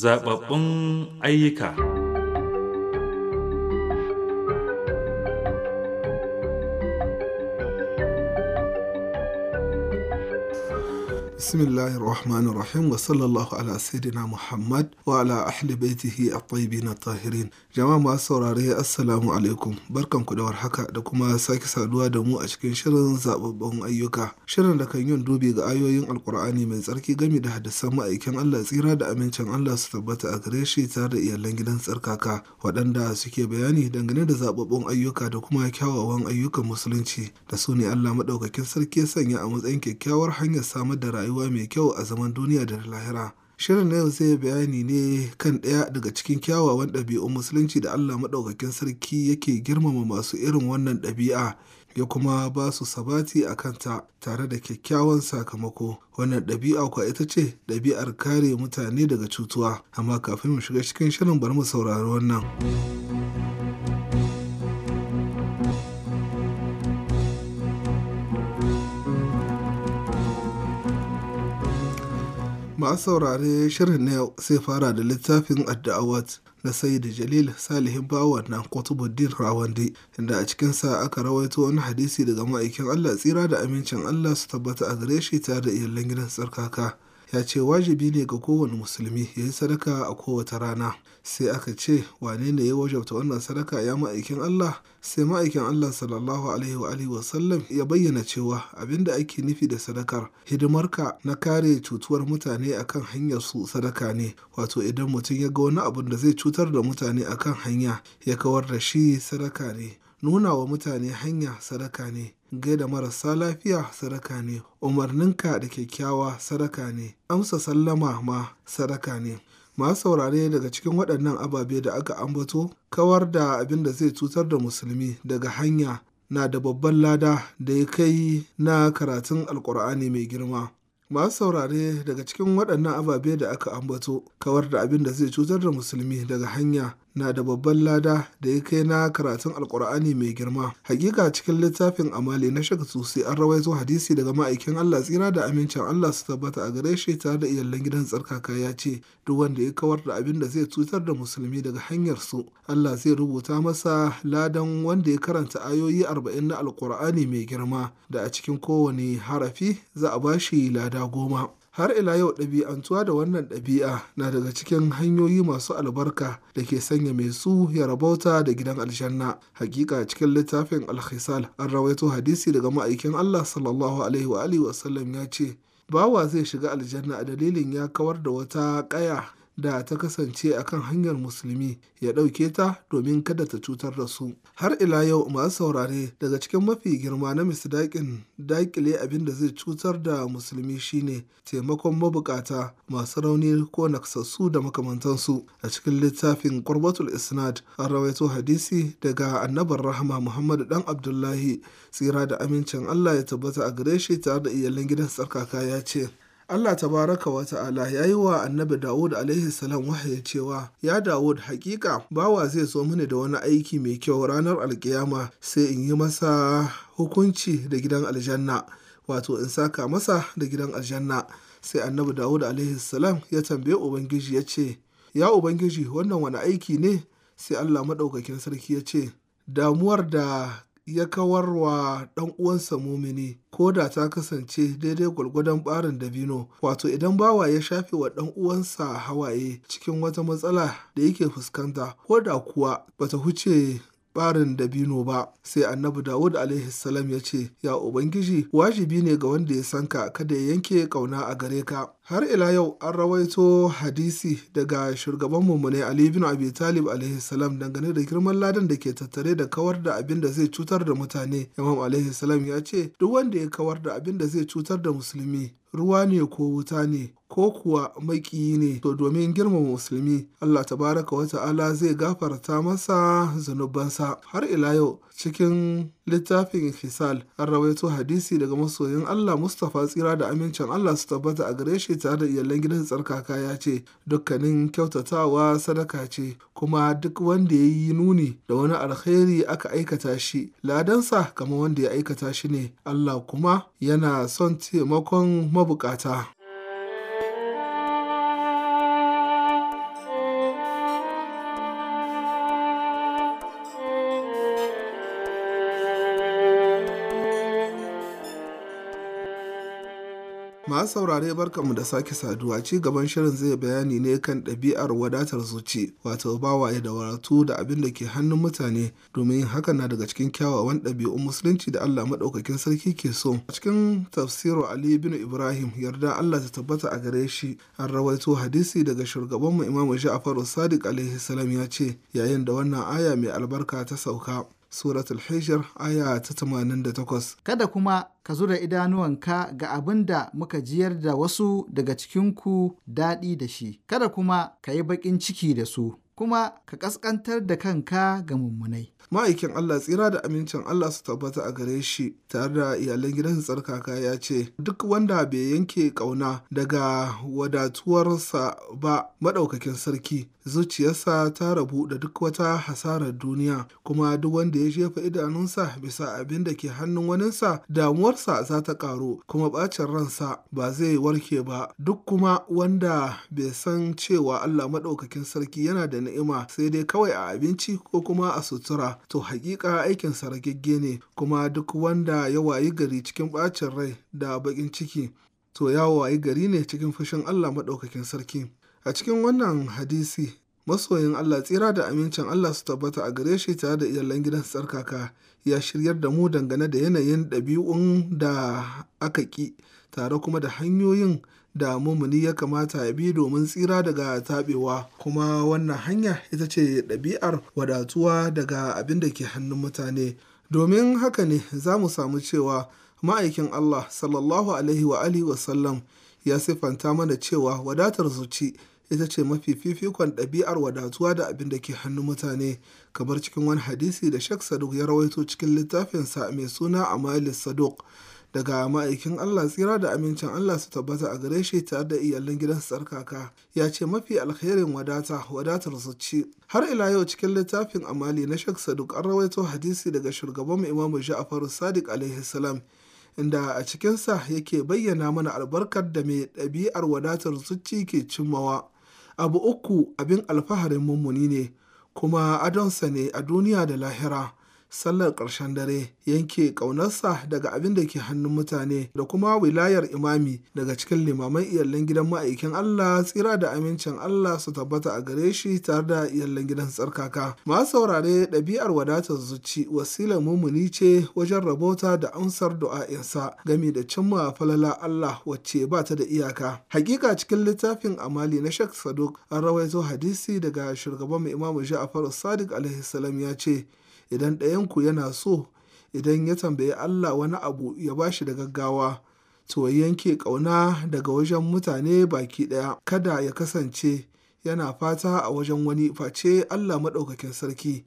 Zaɓaɓɓun ayyuka bismillahir rahmani rahim wa sallallahu ala sayyidina muhammad wa ala ahli baitihi at-tayyibin tahirin jama'a masu saurare assalamu alaikum barkanku da warhaka da kuma sake saduwa da mu a cikin shirin zababban ayyuka shirin da kan yin dubi ga ayoyin alkur'ani mai tsarki gami da hadisan ma'aikin Allah tsira da amincin Allah su tabbata a gare shi tare da iyalan gidan tsarkaka waɗanda suke bayani dangane da zababban ayyuka da kuma kyawawan ayyukan musulunci da su ne Allah madaukakin sarki ya sanya a matsayin kyakkyawar hanyar samar da rayuwa rayuwa mai kyau a zaman duniya da lahira. Shirin na yau zai bayani ne kan ɗaya daga cikin kyawawan ɗabi'un musulunci da Allah maɗaukakin sarki yake girmama masu irin wannan ɗabi'a ya kuma ba su sabati a kanta tare da kyakkyawan sakamako. Wannan ɗabi'a kuwa ita ce ɗabi'ar kare mutane daga cutuwa. Amma kafin mu shiga cikin shirin bari mu saurari wannan. Masu saurare shirin na yau sai fara da littafin Adda'awat na Sayyid Jalil Salihin Bawa na Qutbuddin Rawandi inda a cikinsa aka rawaito wani hadisi daga ma'aikin Allah tsira da amincin Allah su tabbata a gare shi tare da iyalan gidan tsarkaka. ya ce wajibi ne ga kowane musulmi ya yi sadaka a kowace rana sai aka ce wane ne ya wajabta wannan sadaka ya ma'aikin Allah sai ma'aikin Allah sallallahu alaihi wa alihi wasallam ya bayyana cewa abinda ake nufi da sadakar hidimar ka na kare cutuwar mutane akan hanyar su sadaka ne wato idan mutum ya ga wani abun da zai cutar da mutane akan hanya ya kawar da shi sadaka ne nuna wa mutane hanya sadaka ne gaida marasa lafiya sadaka ne umarninka da kyakkyawa sadaka ne amsa sallama ma sadaka ne Ma saurare daga cikin waɗannan ababe da aka ambato kawar da abin da zai cutar da musulmi daga hanya na da babban lada da ya kai na karatun alkur'ani mai girma Ma saurare daga cikin waɗannan ababe da aka ambato kawar da abin da zai cutar da musulmi daga hanya na da babban lada da ya kai na karatun alkur'ani mai girma hakika cikin littafin amali na shaka sosai an rawaito hadisi daga ma'aikin allah tsira da amincin allah su tabbata a gare shi tare da iyalan gidan tsarkaka ya ce duk wanda ya kawar da abin da zai cutar da musulmi daga hanyar su allah zai rubuta masa ladan wanda ya karanta ayoyi arba'in na alkur'ani mai girma da a cikin kowane harafi za a bashi lada goma har ila yau ɗabi'antuwa da wannan ɗabi'a na daga cikin hanyoyi masu albarka da ke sanya mai su ya rabauta da gidan aljanna hakika cikin littafin alkhisal an rawaito hadisi daga ma'aikin allah sallallahu alaihi wa alihi ya ce bawa zai shiga aljanna a dalilin ya kawar da wata ƙaya da ta kasance a kan hanyar musulmi ya ɗauke ta domin kada ta cutar da su. Har ila yau masu saurare daga cikin mafi girma na misdaƙin daƙile abin da zai cutar da musulmi shine taimakon mabukata masu rauni ko naksassu da makamantansu. A cikin littafin Qurbatul Isnad an rawaito hadisi daga annabar rahama Muhammad dan Abdullahi tsira da amincin Allah ya tabbata a gare shi tare da iyalan gidan tsarkaka ya ce. Allah tabaraka wa ta'ala ya yi wa annabi Dawud alaihi salam wahayi cewa ya Dawud hakika bawa zai zo mini da wani aiki mai kyau ranar alkiyama sai in yi masa hukunci da gidan aljanna wato in saka masa da gidan aljanna sai annabi Dawud alaihi salam ya tambaye ubangiji ya ce ya ubangiji wannan wani aiki ne sai Allah maɗaukakin sarki ya ce damuwar da ya kawar wa ɗan uwansa mumini ko da ta kasance daidai gwargwadon ɓarin dabino wato idan bawa ya shafe wa ɗan uwansa hawaye cikin wata matsala da yake fuskanta ko da kuwa bata huce barin dabino ba sai annabi dawud alaihi ya ce ya ubangiji wajibi ne ga wanda ya san ka kada ya yanke ƙauna a gare ka har ila yau an rawaito hadisi daga shugaban mummune ali bin abi talib alaihi dangane da girman ladan da ke tattare da kawar da abin da zai cutar da mutane imam alaihi ya ce duk wanda ya kawar da abin da zai cutar da musulmi ruwa ne ko wuta ne ko kuwa maƙiyi ne to domin girmama musulmi Allah tabaraka wa ta'ala zai gafarta masa zunubansa har ila yau cikin littafin Hisal. an rawaito hadisi daga masoyin Allah Mustapha tsira da amincin Allah su tabbata a gare shi tare da iyalan gidan tsarkaka ya ce dukkanin kyautatawa sadaka ce kuma duk wanda ya yi nuni da wani alkhairi aka aikata shi ladansa kamar wanda ya aikata shi ne Allah kuma yana son taimakon mabukata masu saurare barkanmu da sake saduwa ci gaban shirin zai bayani ne kan ɗabi'ar wadatar zuci wato bawaye da waratu da abin da ke hannun mutane domin yin hakan na daga cikin kyawawan ɗabi'un musulunci da Allah maɗaukakin sarki ke so a cikin tafsiru Ali bin Ibrahim yarda Allah ta tabbata a gare shi an rawaito hadisi daga shugabanmu Imam Ja'far Sadiq alaihi ya ce yayin da wannan aya mai albarka ta sauka suratul hijr aya ta tamanin da takwas. kada kuma ka zura idanuwanka ga abin da muka jiyar da wasu daga cikinku daɗi da shi kada kuma ka yi baƙin ciki da su kuma ka ƙasƙantar da kanka ga mummunai ma'aikin Allah tsira da amincin Allah su tabbata a gare shi tare da iyalan gidan tsarkaka ya ce duk wanda bai yanke kauna daga wadatuwarsa ba maɗaukakin sarki zuciyarsa ta rabu da duk wata hasarar duniya kuma duk wanda ya jefa idanunsa bisa abin da ke hannun waninsa damuwarsa za ta karu kuma bacin ransa ba zai warke ba duk kuma wanda bai san cewa Allah maɗaukakin sarki yana da ni'ima sai dai kawai a abinci ko kuma a sutura to hakika aikin sargagge ne kuma duk wanda ya wayi gari cikin bacin rai da baƙin ciki to ya wayi gari ne cikin fushin Allah maɗaukakin sarki A cikin wannan hadisi, masoyin Allah tsira da amincin Allah su tabbata a gare shi tare da iyalan gidan tsarkaka ya shiryar da mu dangane da yanayin ɗabi'un da aka ƙi tare kuma da hanyoyin da mumuni ya kamata ya bi domin tsira daga taɓewa kuma wannan hanya ita ce ɗabi'ar wadatuwa daga abin da ke hannun mutane domin haka ne za mu samu cewa ma'aikin Allah sallallahu alaihi wa alihi ya siffanta mana cewa wadatar zuci ita ce mafi fifikon ɗabi'ar wadatuwa da abin da ke hannu mutane kamar cikin wani hadisi da shak saduk ya rawaito cikin littafinsa mai suna amali saduk daga ma'aikin Allah tsira da amincin Allah su tabbata a gare shi tare da iyalin gidan Sarkaka, ya ce mafi alkhairin wadata wadatar su ci har ila yau cikin littafin amali na shak saduk an rawaito hadisi daga shugaban imamu ja'faru sadiq alaihi salam inda a cikinsa yake bayyana mana albarkar da mai ɗabi'ar wadatar zuci ke cimmawa abu uku abin alfaharin mummuni ne kuma adonsa ne a duniya da lahira sallar ƙarshen dare yanke ƙaunarsa daga abin da ke hannun mutane da kuma wilayar imami daga cikin limaman iyalin gidan ma'aikin Allah tsira da amincin Allah su tabbata a gare shi tare da iyalin gidan tsarkaka masu saurare ɗabi'ar wadatar zuci wasilar mumuni ce wajen rabota da amsar du'a'insa gami da cimma falala Allah wacce ba ta da iyaka hakika cikin littafin amali na Sheikh Saduk an rawaito hadisi daga shugaban mai imamu Ja'afar Sadiq alaihi salam ya ce Idan ɗayanku yana so, idan ya tambayi Allah wani abu ya ba shi da gaggawa, to ya yanke ƙauna daga wajen mutane baki ɗaya, kada ya kasance yana fata a wajen wani face Allah Maɗaukakin Sarki.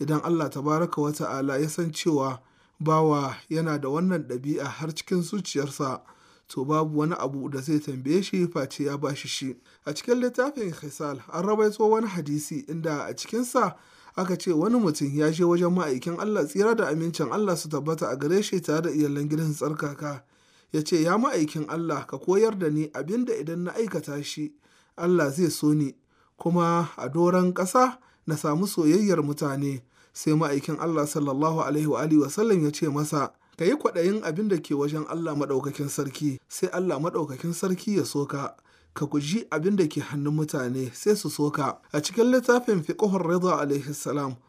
Idan Allah tabaraka wa ta'ala ya san cewa bawa yana da wannan ɗabi'a har cikin zuciyarsa, to babu wani abu da zai tambaye shi face ya bashi shi. A cikin littafin Hisal an rabaito wani hadisi inda a cikinsa aka ce wani mutum ya je wajen ma'aikin Allah tsira da amincin Allah su tabbata a gare shi tare da iyalan gidan tsarkaka ya ce ya ma'aikin Allah ka koyar da ni abin da idan na aikata shi Allah zai so ni kuma a doron ƙasa na samu soyayyar mutane sai ma'aikin Allah sallallahu alaihi wa alihi ya ce masa ka yi kwaɗayin abin da ke wajen Allah maɗaukakin sarki sai Allah maɗaukakin sarki ya soka ka guji abin da ke hannun mutane sai su soka a cikin littafin fiqhur rida alaihi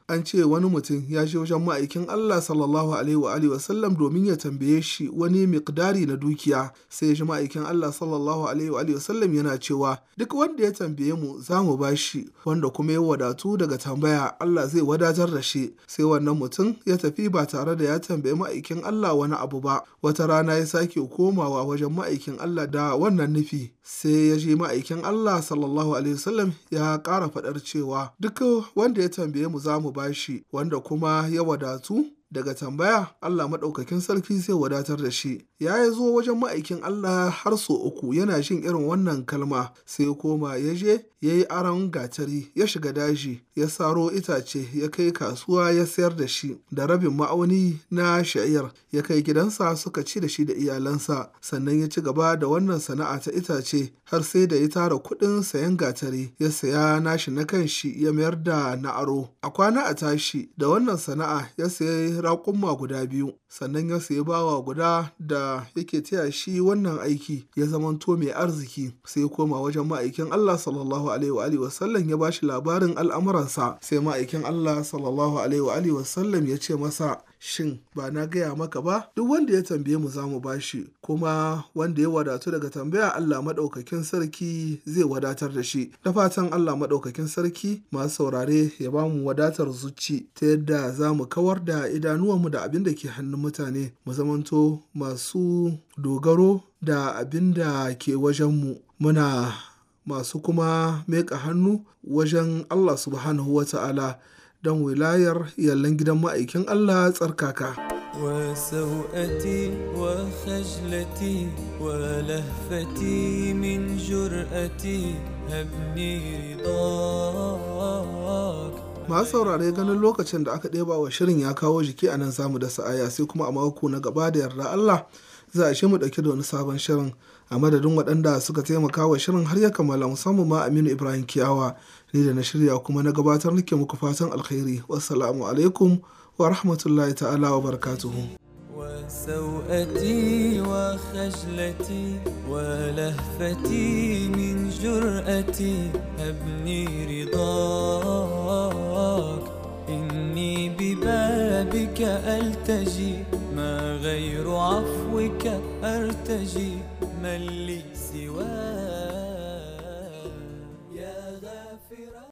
an ce wani mutum ya je wajen ma'aikin Allah sallallahu alaihi wa alihi domin ya tambaye shi wani miqdari na dukiya sai ya ma'aikin Allah sallallahu alaihi wa alihi yana cewa duk wanda ya tambaye mu za mu bashi wanda kuma ya wadatu daga tambaya Allah zai wadatar da shi sai wannan mutum ya tafi ba tare da ya tambaye ma'aikin Allah wani abu ba wata rana ya sake komawa wajen ma'aikin Allah da wannan nufi sai ya je ma'aikin Allah sallallahu alaihi wasallam ya ƙara faɗar cewa duk wanda ya tambaye mu za mu bashi wanda kuma ya wadatu daga tambaya Allah maɗaukakin sarki zai wadatar da shi ya yi zo wajen ma'aikin Allah har so uku yana jin irin wannan kalma sai koma ya je ya yi aron gatari ya shiga daji ya saro itace ya kai kasuwa ya sayar da shi da rabin ma'auni na sha'iyar ya kai gidansa suka ci da shi da iyalansa sannan ya ci gaba da wannan sana'a ta itace har sai da ya tara kuɗin sayan gatari ya saya nashi na kan shi, ya mayar da na aro a kwana a tashi da wannan sana'a ya sayi raƙumma guda biyu sannan ya sayi bawa guda da yake taya shi wannan aiki ya zamanto mai arziki sai koma wajen ma'aikin Allah sallallahu sallallahu alaihi ya bashi labarin al'amuransa sai ma'aikin Allah sallallahu alaihi wa alihi wasallam ya ce masa shin ba na gaya maka ba duk wanda ya tambaye mu za mu bashi kuma wanda ya wadatu daga tambaya Allah maɗaukakin sarki zai wadatar da shi da fatan Allah maɗaukakin sarki masu saurare ya ba mu wadatar zuci ta yadda za mu kawar da idanuwanmu da abin da ke hannun mutane mu zamanto masu dogaro da abin da ke wajenmu muna masu kuma meka hannu wajen Allah subhanahu wa ta'ala don wilayar yallan gidan ma'aikin Allah tsarkaka. وسوءتي وخجلتي ولهفتي من جرأتي هبني رضاك masu saurare ganin lokacin da aka ɗeba wa shirin ya kawo jiki a nan samu da sa'aya sai kuma a mako na gaba da yarda Allah za a mu dauke da wani sabon shirin a madadin waɗanda suka taimaka wa shirin har ya kammala musamman ma aminu ibrahim kiyawa ni da na shirya kuma na gabatar nake muku fatan alkhairi wassalamu alaikum wa rahmatullahi ta'ala wa barakatuhu وسوءتي وخجلتي ولهفتي من جرأتي هبني رضاك إني ببالي بك ألتجي ما غير عفوك أرتجي من لي سواك